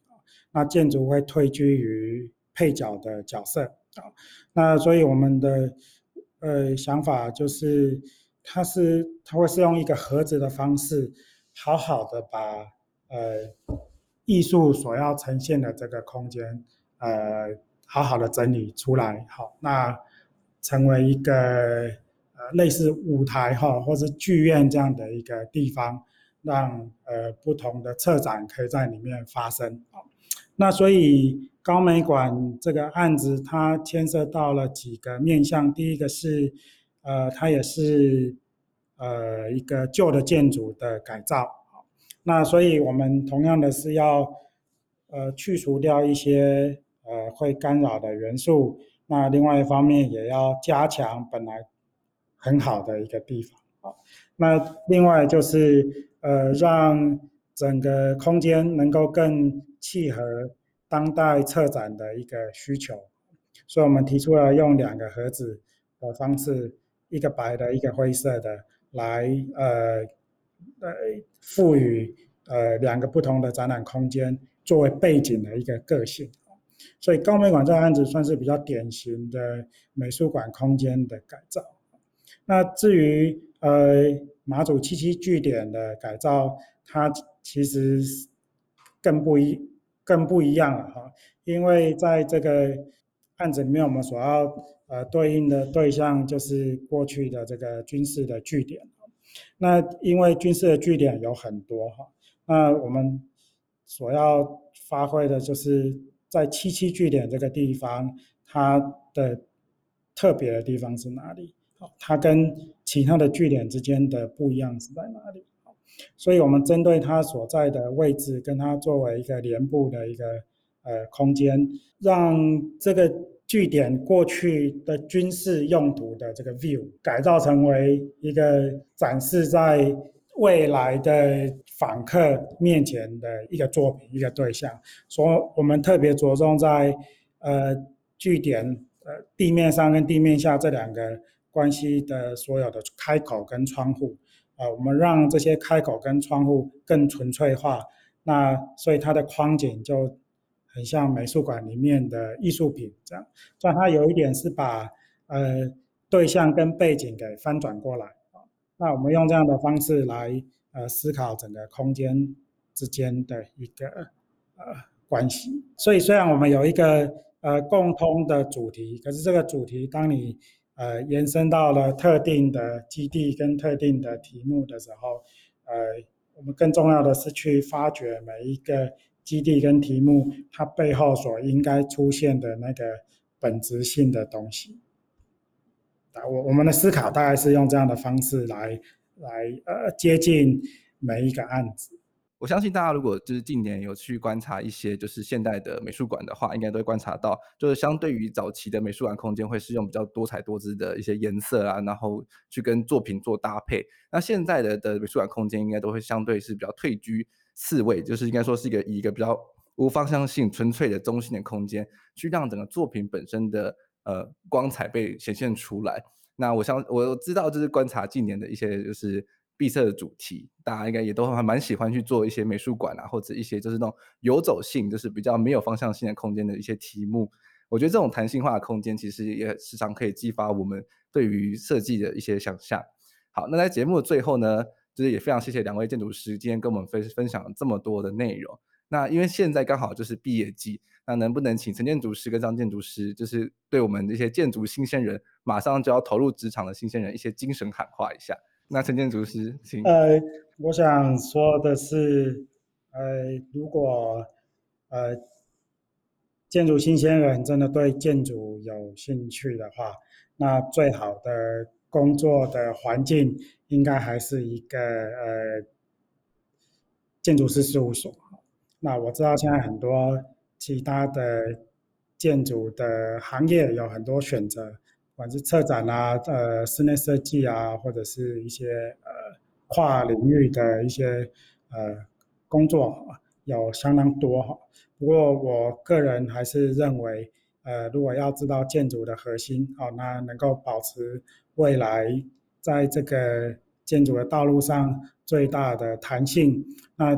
那建築會退居於配角的角色啊、哦，那所以我們的呃想法就是，它，是它會是用一個盒子的方式，好好的把呃藝術所要呈現的這個空間呃好好的整理出來好、哦，那。成為一個呃類似舞台哈或者劇院這樣的一個地方，讓呃不同的策展可以在裡面發生啊。那所以高美館這個案子它牽涉到了幾個面向，第一個是呃它也是呃一個舊的建築的改造。那所以我們同樣的是要呃去除掉一些呃會干擾的元素。那另外一方面也要加強本來很好的一個地方啊。那另外就是呃，讓整個空間能夠更契合當代策展的一個需求，所以我們提出了用兩個盒子的方式，一個白的，一個灰色的，來呃呃賦予呃兩個不同的展覽空間作為背景的一個個性。所以高美館這個案子算是比較典型的美術館空間的改造。那至於呃馬祖七七據點的改造，它其實更不一、更不一樣了哈。因為在這個案子裡面，我們所要呃對應的對象就是過去的這個軍事的據點。那因為軍事的據點有很多哈，那我們所要發揮的就是。在七七據點這個地方，它的特別的地方是哪裡？它跟其他的據點之間的不一樣是在哪裡？所以我們針對它所在的位置，跟它作為一個連部的一個呃空間，讓這個據點過去的軍事用途的這個 view 改造成為一個展示在未來的。訪客面前的一個作品，一個對象，所以我們特別着重在，呃，據點，呃，地面上跟地面下這兩個關係的所有的開口跟窗戶，啊、呃，我們讓這些開口跟窗戶更純粹化，那所以它的框景就很像美術館裡面的藝術品這樣。但它有一點是把呃對象跟背景給翻轉過來，啊，那我們用這樣的方式來。呃，思考整個空間之間的一個呃關係。所以，雖然我們有一個呃共通的主題，可是這個主題，當你呃延伸到了特定的基地跟特定的題目的時候，呃，我們更重要的是去發掘每一個基地跟題目它背後所應該出現的那個本質性的東西。我我們的思考大概是用這樣的方式來。來呃接近每一個案子。我相信大家如果就是近年有去觀察一些就是現代的美術館的話，應該都會觀察到，就是相對於早期的美術館空間，會是用比較多彩多姿的一些顏色啊，然後去跟作品做搭配。那現在的的美術館空間，應該都會相對是比較退居次位，就是應該說是一個以一個比較無方向性、純粹的中性的空間，去讓整個作品本身的呃光彩被顯現出來。那我想我知道，就是觀察近年的一些就是閉塞的主題，大家應該也都還蠻喜歡去做一些美術館啊，或者一些就是那種遊走性，就是比較沒有方向性的空間的一些題目。我覺得這種彈性化的空間，其實也時常可以激發我們對於設計的一些想象。好，那在節目的最後呢，就是也非常謝謝兩位建築師今天跟我們分分享這麼多的內容。那因為現在剛好就是畢業季。那能不能請陳建築師跟張建築師，就是對我們這些建築新鮮人，馬上就要投入職場的新鮮人，一些精神喊話一下？那陳建築師，請。呃，我想說的是，呃，如果呃建築新鮮人真的對建築有興趣的話，那最好的工作的環境應該還是一個呃建築師事務所。那我知道現在很多。其他的建築的行業有很多選擇，不管是策展啊、呃室內設計啊，或者是一些呃跨領域的一些呃工作，有相當多哈。不過我個人還是認為，呃，如果要知道建築的核心哦，那能夠保持未來在這個建築的道路上最大的彈性，那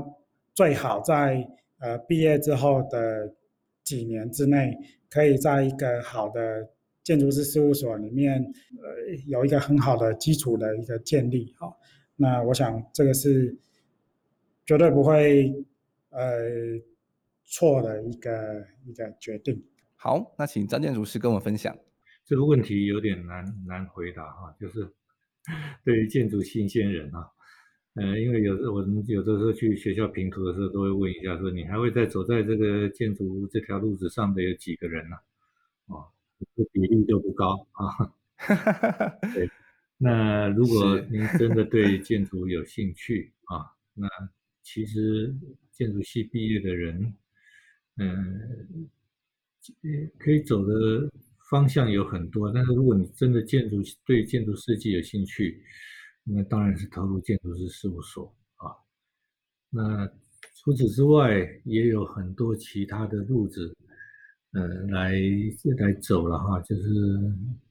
最好在。呃，畢業之後的幾年之內，可以在一個好的建築師事務所裡面，呃，有一個很好的基礎的一個建立哈。好那我想這個是絕對不會呃錯的一個一個決定。好，那請張建築師跟我分享。這個問題有點難難回答哈、啊，就是對於建築新鮮人啊。呃，因為有的我們有的時候去學校評圖的時候，都會問一下說，說你還會再走在這個建築這條路子上的有幾個人呢、啊？哦，這比例就不高啊。 (laughs) 對，那如果您真的對建築有興趣是 (laughs) 啊，那其實建築系畢業的人，嗯、呃，可以走的方向有很多。但是如果你真的建築對建築設計有興趣，那當然是投入建築師事務所啊。那除此之外，也有很多其他的路子，呃，來來走了哈、啊。就是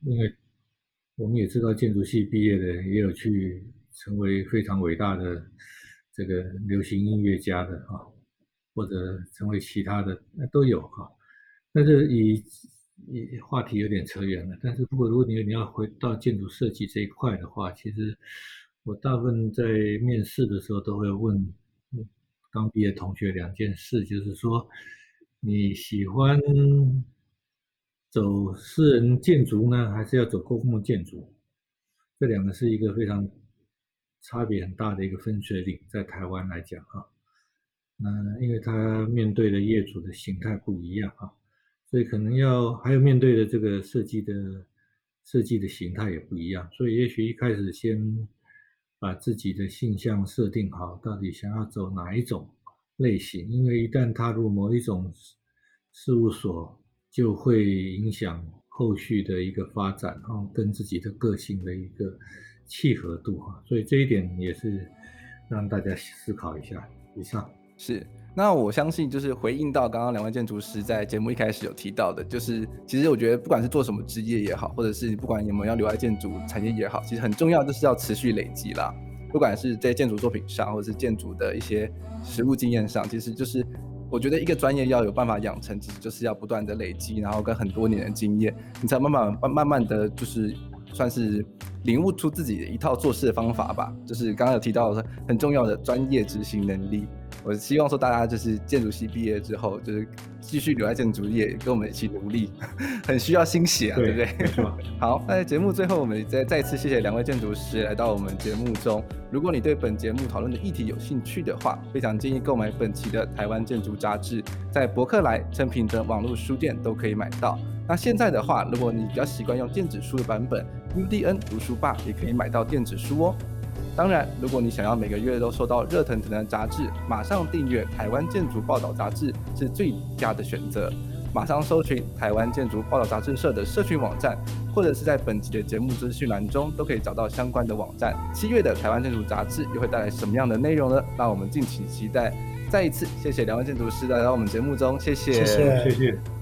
因為我們也知道，建築系畢業的也有去成為非常偉大的這個流行音樂家的啊，或者成為其他的、那、都有哈、啊。但是以你話題有點扯遠了，但是不過如果你你要回到建築設計這一塊的話，其實我大部分在面試的時候都會問剛畢業同學兩件事，就是說你喜歡走私人建築呢，還是要走公共建築？這兩個是一個非常差別很大的一個分水嶺，在台灣來講啊，那因為他面對的業主的形態不一樣啊。所以可能要，還有面對的這個設計的，設計的形態也不一樣。所以也許一開始先把自己的性向設定好，到底想要走哪一種類型。因為一旦踏入某一種事務所，就會影響後續的一個發展啊，然後跟自己的個性的一個契合度，所以這一點也是讓大家思考一下。以上。是，那我相信就是回應到剛剛兩位建築師在節目一開始有提到的，就是其實我覺得不管是做什麼職業也好，或者是不管有沒有要留在建築產業也好，其實很重要就是要持續累積啦。不管是在建築作品上，或者是建築的一些實物經驗上，其實就是我覺得一個專業要有辦法養成，其實就是要不斷的累積，然後跟很多年的經驗，你才慢慢慢慢的就是算是領悟出自己的一套做事的方法吧。就是剛剛有提到說很重要的專業執行能力。我希望說大家就是建築系畢業之後，就是繼續留在建築業，跟我們一起努力， (laughs) 很需要心血啊，對，對不對？對。好，那在節目最後我們再再次謝謝兩位建築師來到我們節目中。如果你對本節目討論的議題有興趣的話，非常建議購買本期的台灣建築雜誌，在博客來、誠品等網絡書店都可以買到。那現在的話，如果你比較習慣用電子書的版本，UDN、嗯、讀書吧也可以買到電子書哦。當然，如果你想要每個月都收到熱騰騰的雜誌，馬上訂閱《台灣建築報道雜誌》是最佳的選擇。馬上搜尋《台灣建築報道雜誌社》的社群網站，或者是在本集的節目資訊欄中，都可以找到相關的網站。七月的《台灣建築雜誌》又會帶來什麼樣的內容呢？讓我們敬請期待。再一次謝謝兩位建築師來到我們節目中，謝謝，謝謝。謝謝。